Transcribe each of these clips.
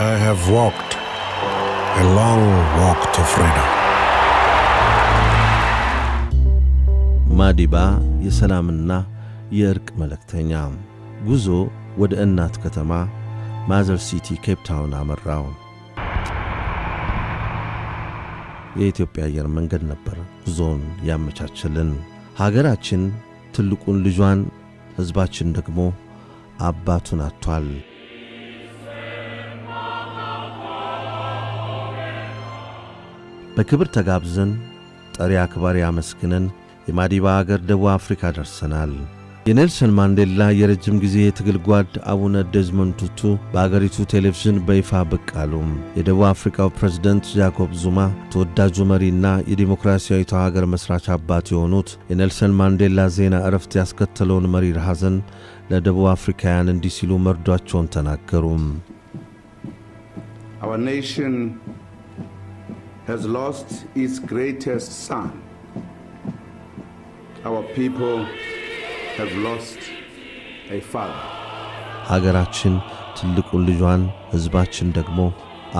I have walked a long walk to freedom. ማዲባ የሰላምና የእርቅ መልእክተኛ ጉዞ ወደ እናት ከተማ ማዘር ሲቲ ኬፕ ታውን አመራው። የኢትዮጵያ አየር መንገድ ነበር ጉዞውን ያመቻችልን። ሀገራችን ትልቁን ልጇን፣ ሕዝባችን ደግሞ አባቱን አጥቷል። በክብር ተጋብዘን ጠሪ አክባሪ አመስግነን የማዲባ አገር ደቡብ አፍሪካ ደርሰናል። የኔልሰን ማንዴላ የረጅም ጊዜ የትግል ጓድ አቡነ ዴዝሞንድ ቱቱ በአገሪቱ ቴሌቪዥን በይፋ ብቅ አሉ። የደቡብ አፍሪካው ፕሬዝደንት ጃኮብ ዙማ ተወዳጁ መሪና የዲሞክራሲያዊቷ ሀገር መሥራች አባት የሆኑት የኔልሰን ማንዴላ ዜና እረፍት ያስከተለውን መሪር ሐዘን ለደቡብ አፍሪካውያን እንዲህ ሲሉ መርዷቸውን ተናገሩ። has lost its greatest son. Our people have lost a father. ሀገራችን ትልቁን ልጇን፣ ሕዝባችን ደግሞ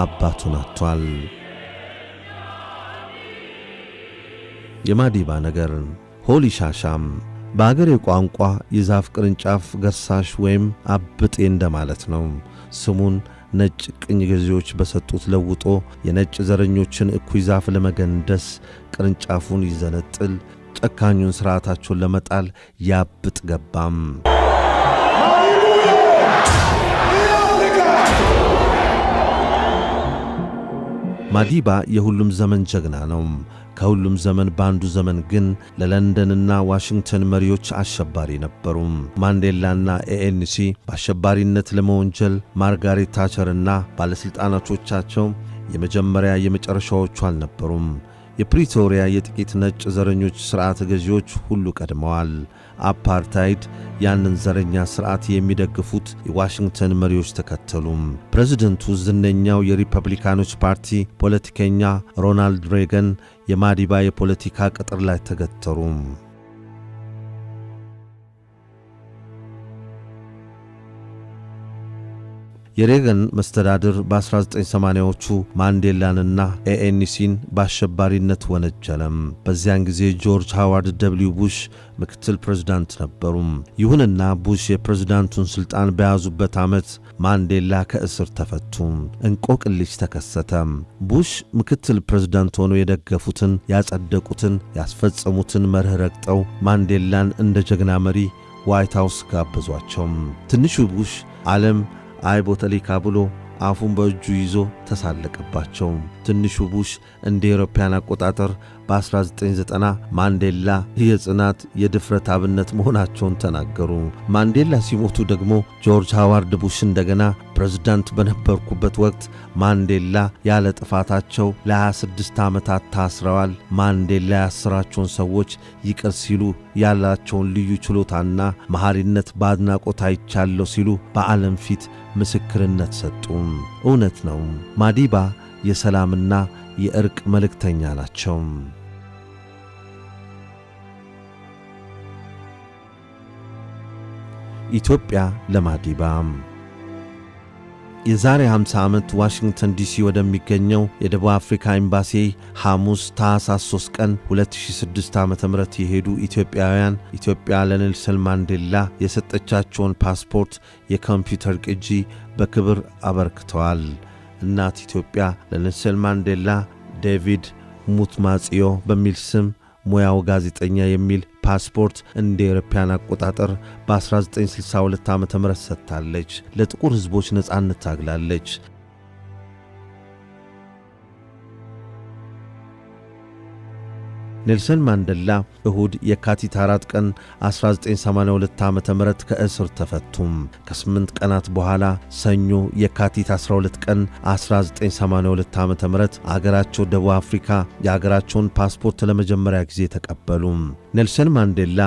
አባቱን አጥቷል። የማዲባ ነገር ሆሊ ሻሻም በአገሬ ቋንቋ የዛፍ ቅርንጫፍ ገርሳሽ ወይም አብጤ እንደማለት ነው። ስሙን ነጭ ቅኝ ገዢዎች በሰጡት ለውጦ የነጭ ዘረኞችን እኩይ ዛፍ ለመገንደስ ቅርንጫፉን ይዘነጥል፣ ጨካኙን ሥርዓታቸውን ለመጣል ያብጥ ገባም። ማዲባ የሁሉም ዘመን ጀግና ነው። ከሁሉም ዘመን በአንዱ ዘመን ግን ለለንደንና ዋሽንግተን መሪዎች አሸባሪ ነበሩ። ማንዴላና ኤኤንሲ በአሸባሪነት ለመወንጀል ማርጋሬት ታቸርና ባለሥልጣናቶቻቸው የመጀመሪያ የመጨረሻዎቹ አልነበሩም። የፕሪቶሪያ የጥቂት ነጭ ዘረኞች ሥርዓት ገዢዎች ሁሉ ቀድመዋል። አፓርታይድ ያንን ዘረኛ ሥርዓት የሚደግፉት የዋሽንግተን መሪዎች ተከተሉም። ፕሬዚደንቱ ዝነኛው የሪፐብሊካኖች ፓርቲ ፖለቲከኛ ሮናልድ ሬገን የማዲባ የፖለቲካ ቅጥር ላይ ተገተሩ። የሬገን መስተዳድር በ1980ዎቹ ማንዴላንና ኤኤንሲን በአሸባሪነት ወነጀለም። በዚያን ጊዜ ጆርጅ ሃዋርድ ደብሊው ቡሽ ምክትል ፕሬዝዳንት ነበሩም። ይሁንና ቡሽ የፕሬዝዳንቱን ሥልጣን በያዙበት ዓመት ማንዴላ ከእስር ተፈቱ፣ እንቆቅልሽ ተከሰተም። ቡሽ ምክትል ፕሬዝዳንት ሆኖ የደገፉትን፣ ያጸደቁትን፣ ያስፈጸሙትን መርህ ረግጠው ማንዴላን እንደ ጀግና መሪ ዋይት ሃውስ ጋበዟቸው። ትንሹ ቡሽ ዓለም አይ ቦተሊካ ብሎ አፉን በእጁ ይዞ ተሳለቀባቸው። ትንሹ ቡሽ እንደ አውሮፓውያን አቆጣጠር በ1990 ማንዴላ የጽናት የድፍረት አብነት መሆናቸውን ተናገሩ። ማንዴላ ሲሞቱ ደግሞ ጆርጅ ሃዋርድ ቡሽ እንደገና ፕሬዝዳንት በነበርኩበት ወቅት ማንዴላ ያለ ጥፋታቸው ለ26 ዓመታት ታስረዋል። ማንዴላ ያስራቸውን ሰዎች ይቅር ሲሉ ያላቸውን ልዩ ችሎታና መሐሪነት በአድናቆት አይቻለሁ ሲሉ በዓለም ፊት ምስክርነት ሰጡም። እውነት ነው ማዲባ የሰላምና የእርቅ መልእክተኛ ናቸው። ኢትዮጵያ ለማዲባ የዛሬ 50 ዓመት ዋሽንግተን ዲሲ ወደሚገኘው የደቡብ አፍሪካ ኤምባሲ ሐሙስ ታኅሳስ 3 ቀን 2006 ዓ ም የሄዱ ኢትዮጵያውያን ኢትዮጵያ ለኔልሰን ማንዴላ የሰጠቻቸውን ፓስፖርት የኮምፒውተር ቅጂ በክብር አበርክተዋል። እናት ኢትዮጵያ ለኔልሰን ማንዴላ ዴቪድ ሙትማጽዮ በሚል ስም ሙያው ጋዜጠኛ የሚል ፓስፖርት እንደ ኤሮፓያን አቆጣጠር በ1962 ዓ ም ሰጥታለች። ለጥቁር ሕዝቦች ነፃነት ታግላለች። ኔልሰን ማንዴላ እሁድ የካቲት 4 ቀን 1982 ዓ ም ከእስር ተፈቱም ከስምንት ቀናት በኋላ ሰኞ የካቲት 12 ቀን 1982 ዓ ም አገራቸው ደቡብ አፍሪካ የአገራቸውን ፓስፖርት ለመጀመሪያ ጊዜ ተቀበሉ። ኔልሰን ማንዴላ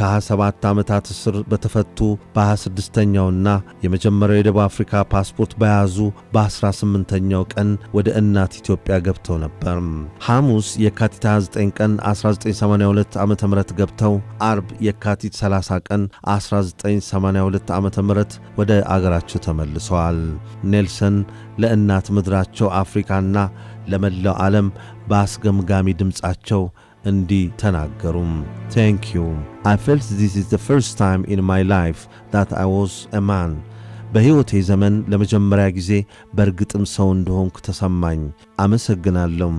ከ27 ዓመታት እስር በተፈቱ በ26ኛውና የመጀመሪያው የደቡብ አፍሪካ ፓስፖርት በያዙ በ18ኛው ቀን ወደ እናት ኢትዮጵያ ገብተው ነበር። ሐሙስ የካቲት 29 ቀን 1982 ዓ ም ገብተው አርብ የካቲት 30 ቀን 1982 ዓ ም ወደ አገራቸው ተመልሰዋል። ኔልሰን ለእናት ምድራቸው አፍሪካና ለመላው ዓለም በአስገምጋሚ ድምፃቸው እንዲህ ተናገሩም። ታንክ ዩ አይ ፌልት ዚስ ኢዝ ዘ ፈርስት ታይም ኢን ማይ ላይፍ ዳት አይ ዋዝ አ ማን በሕይወቴ ዘመን ለመጀመሪያ ጊዜ በእርግጥም ሰው እንደሆንኩ ተሰማኝ። አመሰግናለሁ።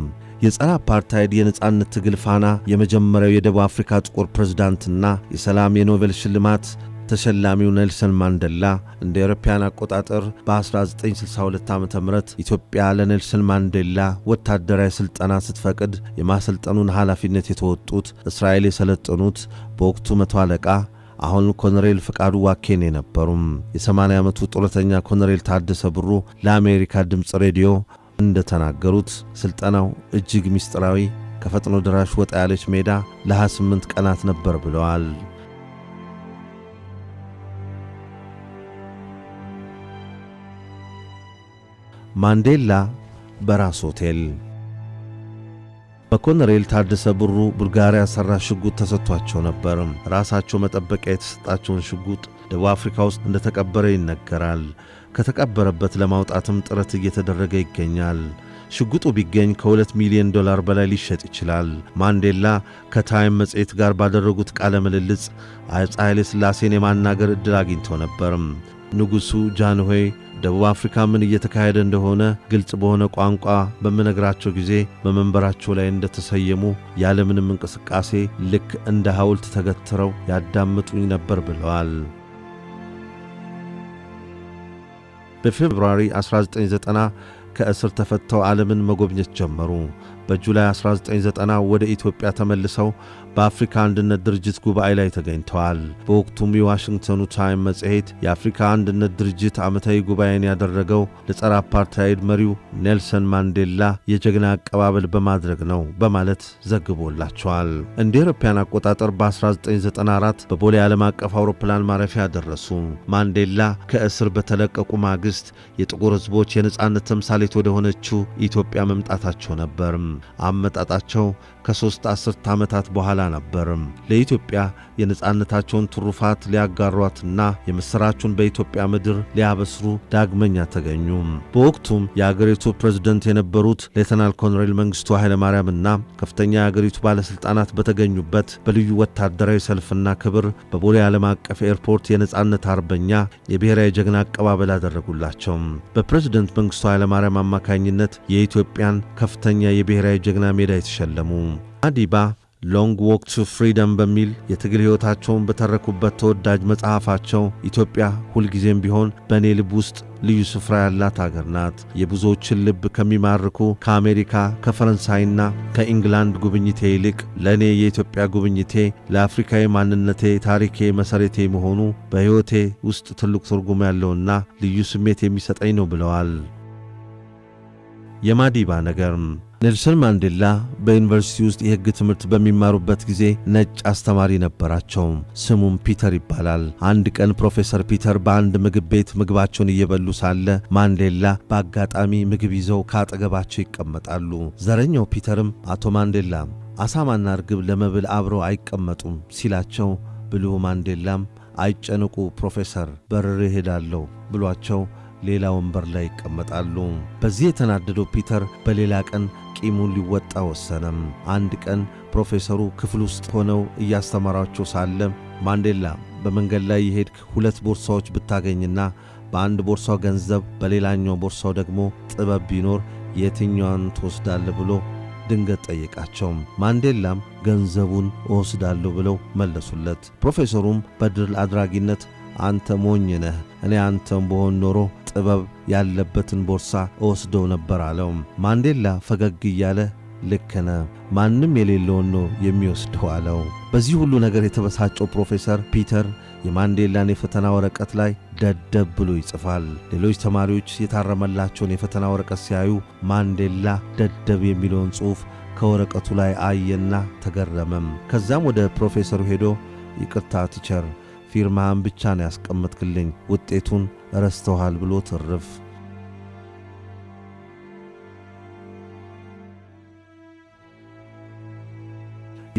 የጸረ አፓርታይድ የነጻነት ትግል ፋና የመጀመሪያው የደቡብ አፍሪካ ጥቁር ፕሬዝዳንትና የሰላም የኖቤል ሽልማት ተሸላሚው ኔልሰን ማንዴላ እንደ አውሮፓውያን አቆጣጠር በ1962 ዓ ም ኢትዮጵያ ለኔልሰን ማንዴላ ወታደራዊ ሥልጠና ስትፈቅድ የማሰልጠኑን ኃላፊነት የተወጡት እስራኤል የሰለጠኑት በወቅቱ መቶ አለቃ አሁን ኮነሬል ፍቃዱ ዋኬን የነበሩም የ80 ዓመቱ ጡረተኛ ኮነሬል ታደሰ ብሩ ለአሜሪካ ድምፅ ሬዲዮ እንደተናገሩት ሥልጠናው እጅግ ምስጢራዊ ከፈጥኖ ደራሽ ወጣ ያለች ሜዳ ለ28 ቀናት ነበር ብለዋል። ማንዴላ በራስ ሆቴል በኮሎኔል ታደሰ ብሩ ቡልጋሪያ ሠራ ሽጉጥ ተሰጥቷቸው ነበር። ራሳቸው መጠበቂያ የተሰጣቸውን ሽጉጥ ደቡብ አፍሪካ ውስጥ እንደተቀበረ ይነገራል። ከተቀበረበት ለማውጣትም ጥረት እየተደረገ ይገኛል። ሽጉጡ ቢገኝ ከሁለት ሚሊዮን ዶላር በላይ ሊሸጥ ይችላል። ማንዴላ ከታይም መጽሔት ጋር ባደረጉት ቃለ ምልልጽ አፄ ኃይለ ሥላሴን የማናገር ዕድል አግኝተው ነበር ንጉሡ ጃንሆይ ደቡብ አፍሪካ ምን እየተካሄደ እንደሆነ ግልጽ በሆነ ቋንቋ በምነግራቸው ጊዜ በመንበራቸው ላይ እንደተሰየሙ ያለምንም እንቅስቃሴ ልክ እንደ ሐውልት ተገትረው ያዳምጡኝ ነበር ብለዋል። በፌብርዋሪ 1990 ከእስር ተፈተው ዓለምን መጎብኘት ጀመሩ። በጁላይ 1990 ወደ ኢትዮጵያ ተመልሰው በአፍሪካ አንድነት ድርጅት ጉባኤ ላይ ተገኝተዋል። በወቅቱም የዋሽንግተኑ ታይም መጽሔት የአፍሪካ አንድነት ድርጅት ዓመታዊ ጉባኤን ያደረገው ለጸረ አፓርታይድ መሪው ኔልሰን ማንዴላ የጀግና አቀባበል በማድረግ ነው በማለት ዘግቦላቸዋል። እንደ አውሮፓውያን አቆጣጠር በ1994 በቦሌ ዓለም አቀፍ አውሮፕላን ማረፊያ ደረሱ። ማንዴላ ከእስር በተለቀቁ ማግስት የጥቁር ሕዝቦች የነጻነት ተምሳሌት ወደ ሆነችው ኢትዮጵያ መምጣታቸው ነበር። አመጣጣቸው ከሦስት አስርተ ዓመታት በኋላ ነበርም ለኢትዮጵያ የነጻነታቸውን ትሩፋት ሊያጋሯትና የምሥራቹን በኢትዮጵያ ምድር ሊያበስሩ ዳግመኛ ተገኙ። በወቅቱም የአገሪቱ ፕሬዝደንት የነበሩት ሌተናል ኮሎኔል መንግሥቱ ኃይለማርያምና ከፍተኛ የአገሪቱ ባለሥልጣናት በተገኙበት በልዩ ወታደራዊ ሰልፍና ክብር በቦሌ ዓለም አቀፍ ኤርፖርት የነጻነት አርበኛ የብሔራዊ ጀግና አቀባበል አደረጉላቸው። በፕሬዝደንት መንግሥቱ ኃይለማርያም አማካኝነት የኢትዮጵያን ከፍተኛ የብሔራዊ ጀግና ሜዳ የተሸለሙ አዲባ ሎንግ ዎክ ቱ ፍሪደም በሚል የትግል ሕይወታቸውን በተረኩበት ተወዳጅ መጽሐፋቸው ኢትዮጵያ ሁልጊዜም ቢሆን በእኔ ልብ ውስጥ ልዩ ስፍራ ያላት አገር ናት፣ የብዙዎችን ልብ ከሚማርኩ ከአሜሪካ ከፈረንሳይና ከኢንግላንድ ጉብኝቴ ይልቅ ለእኔ የኢትዮጵያ ጉብኝቴ ለአፍሪካዊ ማንነቴ፣ ታሪኬ፣ መሠረቴ መሆኑ በሕይወቴ ውስጥ ትልቅ ትርጉም ያለውና ልዩ ስሜት የሚሰጠኝ ነው ብለዋል። የማዲባ ነገር ኔልሰን ማንዴላ በዩኒቨርሲቲ ውስጥ የሕግ ትምህርት በሚማሩበት ጊዜ ነጭ አስተማሪ ነበራቸው። ስሙም ፒተር ይባላል። አንድ ቀን ፕሮፌሰር ፒተር በአንድ ምግብ ቤት ምግባቸውን እየበሉ ሳለ ማንዴላ በአጋጣሚ ምግብ ይዘው ከአጠገባቸው ይቀመጣሉ። ዘረኛው ፒተርም አቶ ማንዴላ አሳማና እርግብ ለመብል አብረው አይቀመጡም ሲላቸው፣ ብልሁ ማንዴላም አይጨንቁ ፕሮፌሰር በርር ይሄዳለሁ ብሏቸው ሌላ ወንበር ላይ ይቀመጣሉ። በዚህ የተናደደው ፒተር በሌላ ቀን ቂሙን ሊወጣ ወሰነም። አንድ ቀን ፕሮፌሰሩ ክፍል ውስጥ ሆነው እያስተማራቸው ሳለ ማንዴላ በመንገድ ላይ የሄድክ ሁለት ቦርሳዎች ብታገኝና በአንድ ቦርሳው ገንዘብ በሌላኛው ቦርሳው ደግሞ ጥበብ ቢኖር የትኛዋን ትወስዳለህ ብሎ ድንገት ጠየቃቸው። ማንዴላም ገንዘቡን እወስዳለሁ ብለው መለሱለት። ፕሮፌሰሩም በድል አድራጊነት አንተ ሞኝ ነህ፣ እኔ አንተም በሆን ኖሮ ጥበብ ያለበትን ቦርሳ እወስደው ነበር አለው። ማንዴላ ፈገግ እያለ ልክ ነህ፣ ማንም የሌለውን ነው የሚወስደው አለው። በዚህ ሁሉ ነገር የተበሳጨው ፕሮፌሰር ፒተር የማንዴላን የፈተና ወረቀት ላይ ደደብ ብሎ ይጽፋል። ሌሎች ተማሪዎች የታረመላቸውን የፈተና ወረቀት ሲያዩ ማንዴላ ደደብ የሚለውን ጽሑፍ ከወረቀቱ ላይ አየና ተገረመም። ከዛም ወደ ፕሮፌሰሩ ሄዶ ይቅርታ ቲቸር ፊርማህን ብቻ ነው ያስቀምጥክልኝ፣ ውጤቱን ረስተዋል ብሎ ትርፍ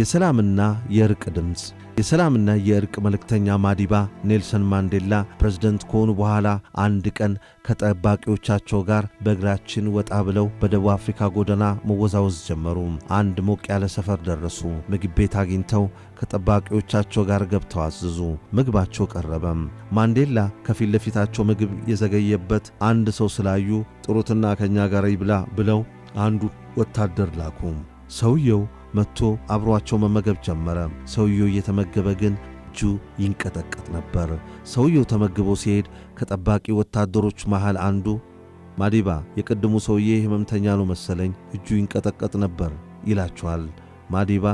የሰላምና የእርቅ ድምፅ የሰላምና የእርቅ መልእክተኛ ማዲባ ኔልሰን ማንዴላ ፕሬዝደንት ከሆኑ በኋላ አንድ ቀን ከጠባቂዎቻቸው ጋር በእግራችን ወጣ ብለው በደቡብ አፍሪካ ጎዳና መወዛወዝ ጀመሩ። አንድ ሞቅ ያለ ሰፈር ደረሱ። ምግብ ቤት አግኝተው ከጠባቂዎቻቸው ጋር ገብተው አዘዙ። ምግባቸው ቀረበም። ማንዴላ ከፊት ለፊታቸው ምግብ የዘገየበት አንድ ሰው ስላዩ ጥሩትና ከእኛ ጋር ይብላ ብለው አንዱ ወታደር ላኩ። ሰውየው መጥቶ አብሯቸው መመገብ ጀመረ። ሰውየው እየተመገበ ግን እጁ ይንቀጠቀጥ ነበር። ሰውየው ተመግቦ ሲሄድ ከጠባቂ ወታደሮች መሃል አንዱ ማዲባ፣ የቅድሙ ሰውዬ ሕመምተኛ ነው መሰለኝ፣ እጁ ይንቀጠቀጥ ነበር ይላቸዋል። ማዲባ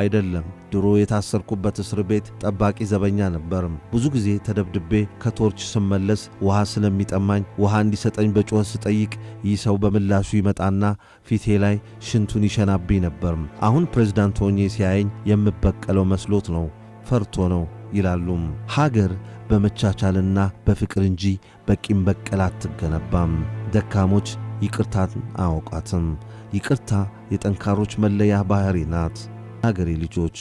አይደለም። ድሮ የታሰርኩበት እስር ቤት ጠባቂ ዘበኛ ነበርም። ብዙ ጊዜ ተደብድቤ ከቶርች ስመለስ ውሃ ስለሚጠማኝ ውሃ እንዲሰጠኝ በጩኸት ስጠይቅ ይህ ሰው በምላሹ ይመጣና ፊቴ ላይ ሽንቱን ይሸናብኝ ነበርም። አሁን ፕሬዝዳንት ሆኜ ሲያየኝ የምበቀለው መስሎት ነው፣ ፈርቶ ነው ይላሉም። ሀገር በመቻቻልና በፍቅር እንጂ በቂም በቀል አትገነባም። ደካሞች ይቅርታን አያውቋትም። ይቅርታ የጠንካሮች መለያ ባሕሪ ናት። ሀገሬ ልጆች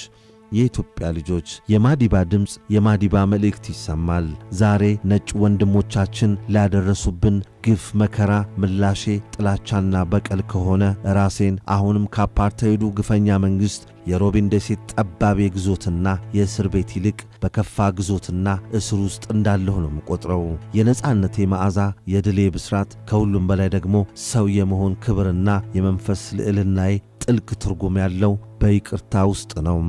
የኢትዮጵያ ልጆች የማዲባ ድምፅ፣ የማዲባ መልእክት ይሰማል። ዛሬ ነጭ ወንድሞቻችን ላደረሱብን ግፍ፣ መከራ ምላሼ ጥላቻና በቀል ከሆነ ራሴን አሁንም ከአፓርታይዱ ግፈኛ መንግሥት የሮቢን ደሴት ጠባብ ግዞትና የእስር ቤት ይልቅ በከፋ ግዞትና እስር ውስጥ እንዳለሁ ነው የምቆጥረው። የነፃነቴ መዓዛ፣ የድሌ ብስራት፣ ከሁሉም በላይ ደግሞ ሰው የመሆን ክብርና የመንፈስ ልዕልናዬ ጥልቅ ትርጉም ያለው በይቅርታ ውስጥ ነው።